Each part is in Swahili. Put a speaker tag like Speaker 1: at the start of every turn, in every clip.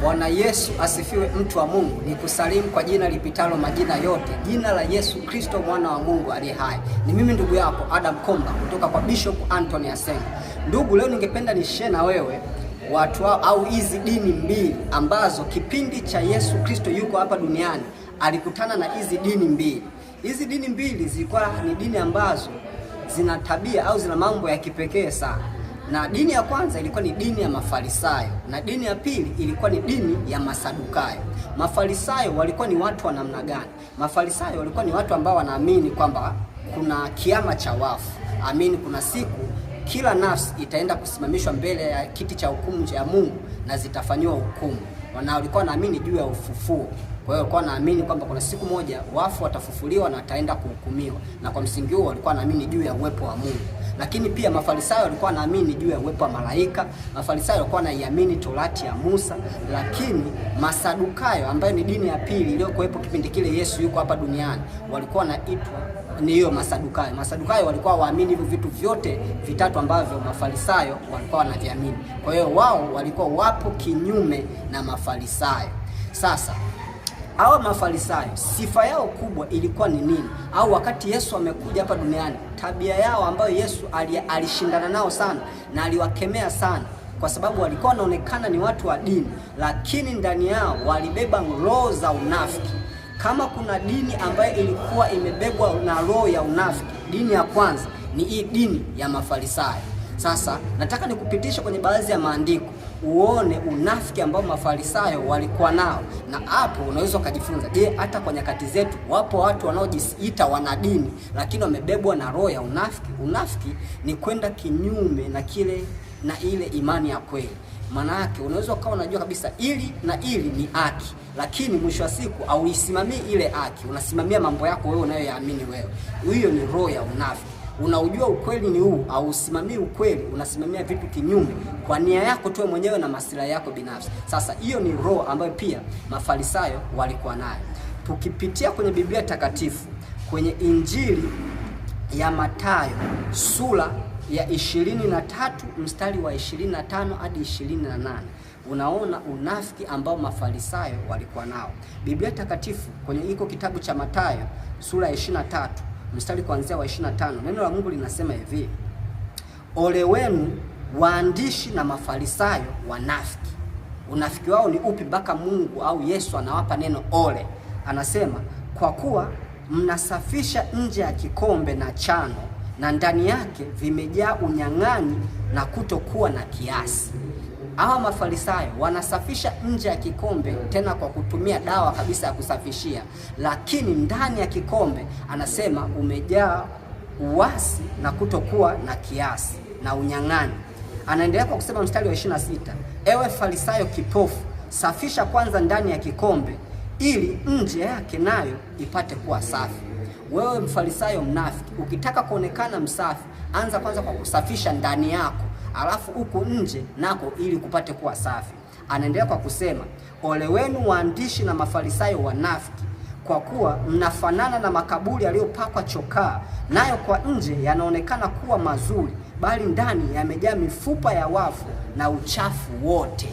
Speaker 1: Bwana Yesu asifiwe, mtu wa Mungu. Ni kusalimu kwa jina lipitalo majina yote, jina la Yesu Kristo, mwana wa Mungu aliye hai. Ni mimi ndugu yako Adam Komba kutoka kwa Bishop Anthony Asenga. Ndugu, leo ningependa nishare na wewe watu au hizi dini mbili ambazo kipindi cha Yesu Kristo yuko hapa duniani alikutana na hizi dini mbili. Hizi dini mbili zilikuwa ni dini ambazo zina tabia au zina mambo ya kipekee sana na dini ya kwanza ilikuwa ni dini ya Mafarisayo na dini ya pili ilikuwa ni dini ya Masadukayo. Mafarisayo walikuwa ni watu wa namna gani? Mafarisayo walikuwa ni watu ambao wanaamini kwamba kuna kiama cha wafu, amini kuna siku kila nafsi itaenda kusimamishwa mbele ya kiti cha hukumu cha Mungu na zitafanyiwa hukumu, Wana walikuwa wanaamini juu ya ufufuo. Kwa hiyo walikuwa wanaamini kwamba kuna siku moja wafu watafufuliwa na wataenda kuhukumiwa, na kwa msingi huo walikuwa wanaamini juu ya uwepo wa Mungu. Lakini pia Mafarisayo walikuwa wanaamini juu ya uwepo wa malaika, Mafarisayo walikuwa wanaiamini Torati ya Musa, lakini Masadukayo ambayo ni dini ya pili iliyokuwepo kipindi kile Yesu yuko hapa duniani walikuwa wanaitwa ni hiyo Masadukayo. Masadukayo walikuwa waamini hivyo vitu vyote vitatu ambavyo Mafarisayo walikuwa wanaviamini. Kwa hiyo wao walikuwa wapo kinyume na Mafarisayo. Sasa hawa Mafarisayo sifa yao kubwa ilikuwa ni nini? Au wakati Yesu amekuja hapa duniani, tabia yao ambayo Yesu alishindana nao sana na aliwakemea sana, kwa sababu walikuwa wanaonekana ni watu wa dini, lakini ndani yao walibeba roho za unafiki. Kama kuna dini ambayo ilikuwa imebebwa na roho ya unafiki, dini ya kwanza ni hii dini ya Mafarisayo. Sasa nataka nikupitisha kwenye baadhi ya maandiko uone unafiki ambao mafarisayo walikuwa nao, na hapo unaweza ukajifunza. Je, hata kwa nyakati zetu wapo watu wanaojiita wanadini, lakini wamebebwa na roho ya unafiki. Unafiki ni kwenda kinyume na kile na ile imani ya kweli. Maana yake unaweza ukawa unajua kabisa ili na ili ni haki, lakini mwisho wa siku auisimamii ile haki, unasimamia mambo yako wewe unayoyaamini wewe. Hiyo ni roho ya unafiki unaujua ukweli ni huu au usimamii ukweli, unasimamia vitu kinyume kwa nia yako tu mwenyewe na maslahi yako binafsi. Sasa hiyo ni roho ambayo pia Mafarisayo walikuwa nayo. Tukipitia kwenye Biblia Takatifu, kwenye Injili ya Mathayo sura ya tatu mstari wa tano hadi nane unaona unafiki ambao Mafarisayo walikuwa nao. Biblia Takatifu kwenye iko kitabu cha Mathayo sura ya tatu mstari kuanzia wa 25. Neno la Mungu linasema hivi: ole wenu waandishi na mafarisayo wanafiki. Unafiki wao ni upi mpaka Mungu au Yesu anawapa neno ole? Anasema kwa kuwa mnasafisha nje ya kikombe na chano na ndani yake vimejaa unyang'anyi na kutokuwa na kiasi hawa Mafarisayo wanasafisha nje ya kikombe, tena kwa kutumia dawa kabisa ya kusafishia, lakini ndani ya kikombe anasema umejaa uasi na kutokuwa na kiasi na unyang'ani. Anaendelea kwa kusema mstari wa sita, ewe Farisayo kipofu, safisha kwanza ndani ya kikombe ili nje yake nayo ipate kuwa safi. Wewe Mfarisayo mnafiki, ukitaka kuonekana msafi, anza kwanza kwa kusafisha ndani yako alafu huku nje nako ili kupate kuwa safi. Anaendelea kwa kusema, ole wenu waandishi na mafarisayo wanafiki, kwa kuwa mnafanana na makaburi yaliyopakwa chokaa, nayo kwa nje yanaonekana kuwa mazuri, bali ndani yamejaa mifupa ya wafu na uchafu wote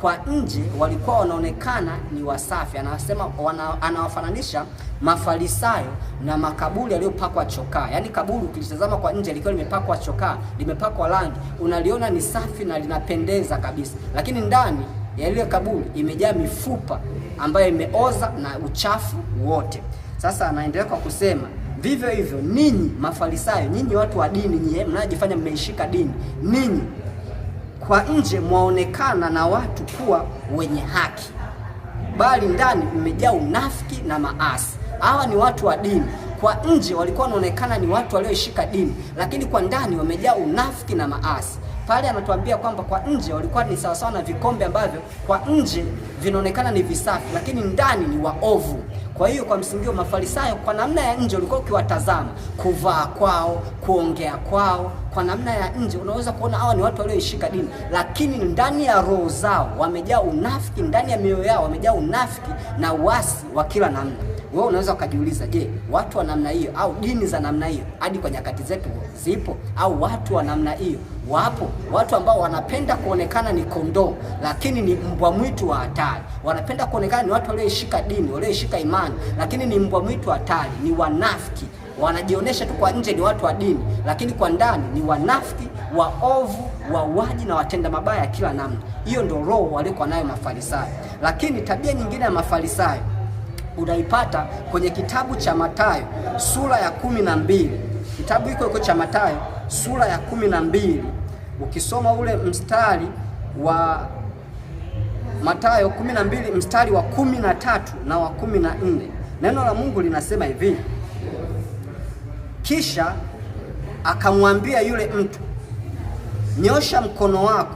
Speaker 1: kwa nje walikuwa wanaonekana ni wasafi. Anasema wana, anawafananisha mafarisayo na makaburi yaliyopakwa chokaa. Yaani kaburi ukilitazama kwa nje likiwa limepakwa chokaa, limepakwa rangi, unaliona ni safi na linapendeza kabisa, lakini ndani ya lile kaburi imejaa mifupa ambayo imeoza na uchafu wote. Sasa anaendelea kwa kusema vivyo hivyo, ninyi Mafarisayo, ninyi watu wa dini, nyie eh, mnajifanya mmeishika dini, ninyi kwa nje mwaonekana na watu kuwa wenye haki, bali ndani mmejaa unafiki na maasi. Hawa ni watu wa dini, kwa nje walikuwa wanaonekana ni watu walioishika dini, lakini kwa ndani wamejaa unafiki na maasi. Pale anatuambia kwamba kwa nje walikuwa ni sawasawa na vikombe ambavyo kwa nje vinaonekana ni visafi, lakini ndani ni waovu. Kwa hiyo kwa msingi wa Mafarisayo, kwa namna ya nje walikuwa ukiwatazama, kuvaa kwao, kuongea kwao kwa namna ya nje unaweza kuona hawa ni watu walioishika dini, lakini ndani ya roho zao wamejaa unafiki, ndani ya mioyo yao wamejaa unafiki na uasi wa kila namna. Wewe unaweza ukajiuliza, je, watu wa namna hiyo au dini za namna hiyo hadi kwa nyakati zetu zipo? Au watu wa namna hiyo wapo? Watu ambao wanapenda kuonekana ni kondoo, lakini ni mbwa mwitu wa hatari. Wanapenda kuonekana ni watu walioishika dini, walioishika imani, lakini ni mbwa mwitu hatari, ni wanafiki wanajionyesha tu kwa nje ni watu wa dini, lakini kwa ndani ni wanafiki, waovu, wauaji na watenda mabaya ya kila namna. Hiyo ndio roho walikuwa nayo Mafarisayo. Lakini tabia nyingine ya Mafarisayo unaipata kwenye kitabu cha Mathayo sura ya kumi na mbili. Kitabu hiko iko cha Mathayo sura ya kumi na mbili, ukisoma ule mstari wa Mathayo mbili mstari wa kumi na tatu na wa kumi na nne neno la Mungu linasema hivi kisha akamwambia yule mtu, nyosha mkono wako.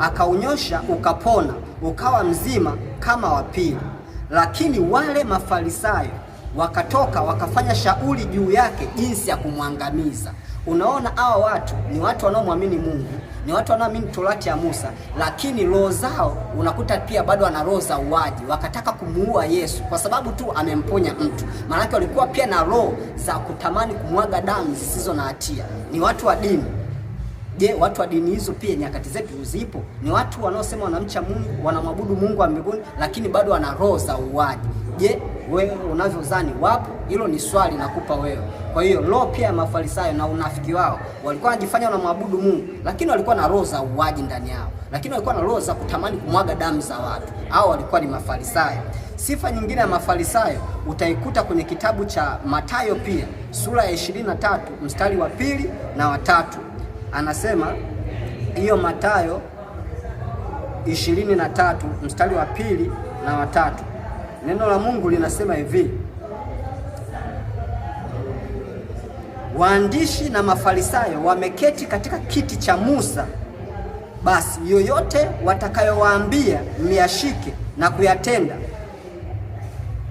Speaker 1: Akaunyosha ukapona, ukawa mzima kama wa pili. Lakini wale Mafarisayo wakatoka wakafanya shauri juu yake jinsi ya kumwangamiza. Unaona, hawa watu ni watu wanaomwamini Mungu, ni watu wanaoamini torati ya Musa, lakini roho zao unakuta pia bado wana roho za uwaji. Wakataka kumuua Yesu kwa sababu tu amemponya mtu, maanake walikuwa pia na roho za kutamani kumwaga damu zisizo na hatia. Ni watu wa dini. Je, watu wa dini hizo pia nyakati zetu zipo? Ni watu wanaosema wanamcha Mungu, wanamwabudu Mungu wa mbinguni, lakini bado wana roho za uwaji. Je, wewe unavyozani wapo? Hilo ni swali nakupa wewe. Kwa hiyo roho pia ya Mafarisayo na unafiki wao walikuwa wanajifanya wanamwabudu Mungu, lakini walikuwa na roho za uwaji ndani yao, lakini walikuwa na roho za kutamani kumwaga damu za watu. Hao walikuwa ni Mafarisayo. Sifa nyingine ya Mafarisayo utaikuta kwenye kitabu cha Mathayo pia sura ya 23 mstari wa pili na watatu, anasema hiyo Mathayo 23 mstari wa pili na watatu Neno la Mungu linasema hivi, waandishi na Mafarisayo wameketi katika kiti cha Musa, basi yoyote watakayowaambia myashike na kuyatenda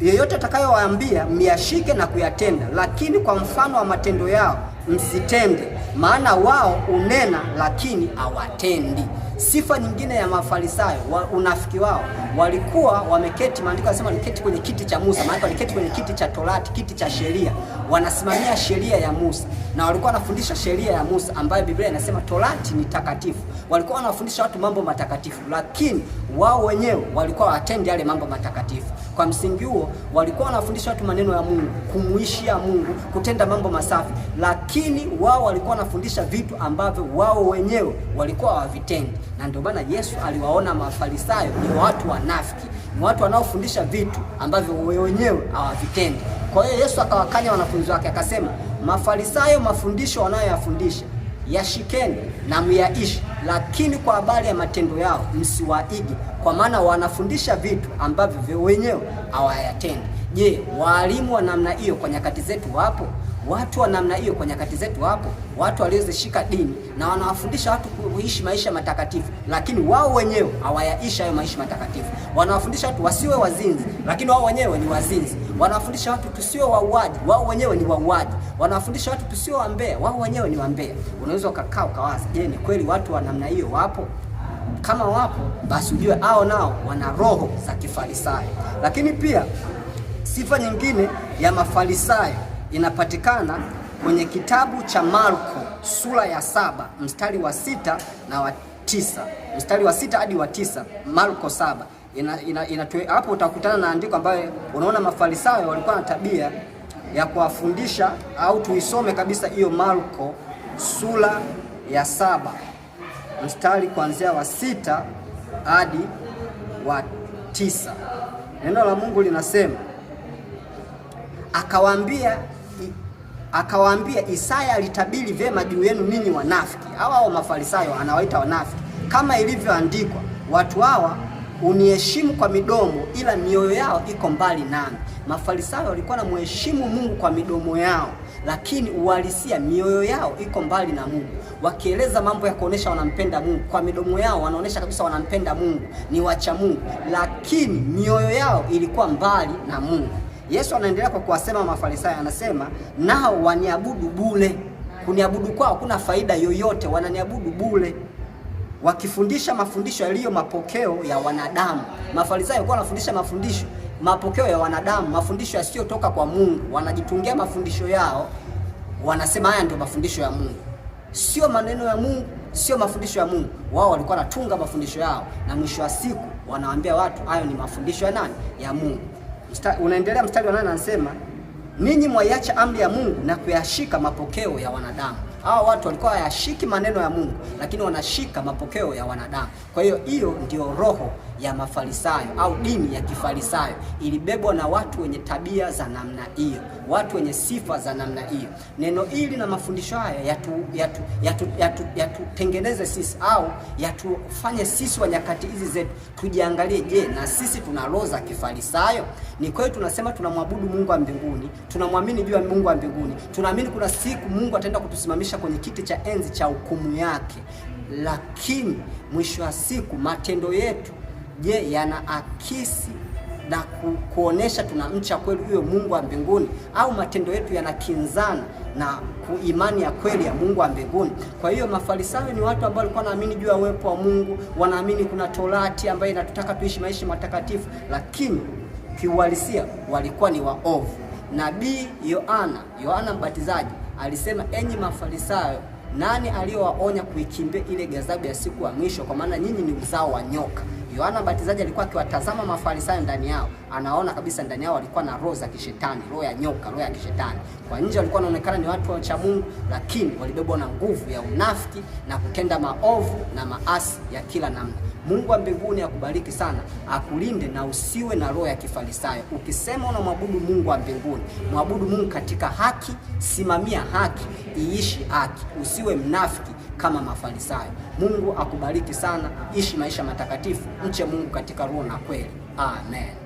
Speaker 1: yoyote atakayowaambia myashike na kuyatenda, lakini kwa mfano wa matendo yao msitende, maana wao unena lakini hawatendi. Sifa nyingine ya Mafarisayo wa, unafiki wao walikuwa wameketi, maandiko yanasema waliketi kwenye kiti cha Musa, maana waliketi kwenye kiti cha Torati, kiti cha sheria, wanasimamia sheria ya Musa na walikuwa wanafundisha sheria ya Musa ambayo Biblia inasema Torati ni takatifu. Walikuwa wanafundisha watu mambo matakatifu, lakini wao wenyewe walikuwa watendi yale mambo matakatifu. Kwa msingi huo, walikuwa wanafundisha watu maneno ya Mungu, kumuishia Mungu, kutenda mambo masafi, lakini wao walikuwa wanafundisha vitu ambavyo wao wenyewe walikuwa hawavitendi. Na ndio maana Yesu aliwaona Mafarisayo ni watu wanafiki, ni watu wanaofundisha vitu ambavyo wenyewe hawavitendi. Kwa hiyo Yesu akawakanya wanafunzi wake akasema, Mafarisayo, mafundisho wanayoyafundisha yashikeni na myaishi, lakini kwa habari ya matendo yao msiwaige, kwa maana wanafundisha vitu ambavyo wenyewe hawayatendi. Je, waalimu wa namna hiyo kwa nyakati zetu wapo? Watu wa namna hiyo kwa nyakati zetu hapo, watu waliozishika dini na wanawafundisha watu kuishi maisha matakatifu, lakini wao wenyewe hawayaishi hayo maisha matakatifu. Wanawafundisha watu wasiwe wazinzi, lakini wao wenyewe ni wazinzi. Wanawafundisha watu tusiwe wauaji, wao wenyewe ni wauaji. Wanawafundisha watu tusiwe wambea, wao wenyewe ni wambea. Unaweza ukakaa ukawaza, je, ni kweli watu wa namna hiyo wapo? Kama wapo, basi ujue hao nao wana roho za kifarisayo. Lakini pia sifa nyingine ya mafarisayo inapatikana kwenye kitabu cha Marko sura ya saba mstari wa sita na wa tisa mstari wa sita hadi wa tisa Marko saba ina, ina, ina, hapo utakutana na andiko ambayo unaona mafarisayo walikuwa na tabia ya kuwafundisha au tuisome kabisa hiyo Marko sura ya saba mstari kuanzia wa sita hadi wa tisa. Neno la Mungu linasema, akawaambia akawaambia, Isaya alitabiri vyema juu yenu ninyi wanafiki. Hawa hao Mafarisayo anawaita wanafiki, kama ilivyoandikwa, watu hawa uniheshimu kwa midomo, ila mioyo yao iko mbali nami. Mafarisayo walikuwa na muheshimu Mungu kwa midomo yao, lakini uhalisia mioyo yao iko mbali na Mungu. Wakieleza mambo ya kuonesha wanampenda Mungu kwa midomo yao, wanaonesha kabisa wanampenda Mungu, ni wacha Mungu, lakini mioyo yao ilikuwa mbali na Mungu. Yesu anaendelea kwa kuwasema Mafarisayo, anasema nao waniabudu bule Kuniabudu kwao hakuna faida yoyote, wananiabudu bule wakifundisha mafundisho yaliyo mapokeo ya wanadamu. Mafarisayo walikuwa wanafundisha mafundisho mapokeo ya wanadamu, mafundisho yasiyotoka kwa Mungu. Wanajitungia mafundisho yao, wanasema haya ndio mafundisho ya Mungu. Sio maneno ya Mungu, sio mafundisho ya Mungu. Wao walikuwa wanatunga mafundisho yao, na mwisho wa siku wanawaambia watu hayo ni mafundisho ya nani? Ya Mungu unaendelea mstari wa nane anasema ninyi mwaiacha amri ya Mungu na kuyashika mapokeo ya wanadamu. Hawa watu walikuwa hayashiki maneno ya Mungu, lakini wanashika mapokeo ya wanadamu. Kwa hiyo hiyo ndio roho ya Mafarisayo au dini ya Kifarisayo ilibebwa na watu wenye tabia za namna hiyo, watu wenye sifa za namna hiyo. Neno hili na mafundisho haya yatutengeneze yatu, yatu, yatu, yatu sisi au yatufanye sisi wa nyakati hizi zetu tujiangalie. Je, na sisi tuna roho za Kifarisayo? Ni kweli tunasema tunamwabudu Mungu wa mbinguni, tunamwamini juu ya Mungu wa mbinguni, tunaamini kuna siku Mungu ataenda kutusimamisha kwenye kiti cha enzi cha hukumu yake, lakini mwisho wa siku matendo yetu je, yanaakisi na ku, kuonesha tunamcha kweli huyo Mungu wa mbinguni au matendo yetu yanakinzana na imani ya kweli ya Mungu wa mbinguni. Kwa hiyo Mafarisayo ni watu ambao walikuwa wanaamini juu ya uwepo wa Mungu, wanaamini kuna Torati ambayo inatutaka tuishi maisha matakatifu, lakini kiuhalisia walikuwa ni waovu. Nabii Yohana Yohana Mbatizaji alisema, enyi Mafarisayo, nani aliyowaonya kuikimbia ile ghadhabu ya siku ya mwisho? Kwa maana nyinyi ni uzao wa nyoka. Yohana Mbatizaji alikuwa akiwatazama Mafarisayo ndani yao, anaona kabisa ndani yao walikuwa na roho za kishetani, roho ya nyoka, roho ya kishetani. Kwa nje walikuwa wanaonekana ni watu wacha Mungu, lakini walibebwa na nguvu ya unafiki na kutenda maovu na maasi ya kila namna. Mungu wa mbinguni akubariki sana, akulinde na usiwe na roho ya kifarisayo. Ukisema unamwabudu Mungu wa mbinguni, mwabudu Mungu katika haki, simamia haki, iishi haki, usiwe mnafiki kama Mafarisayo. Mungu akubariki sana, ishi maisha matakatifu, mche Mungu katika roho na kweli. Amen.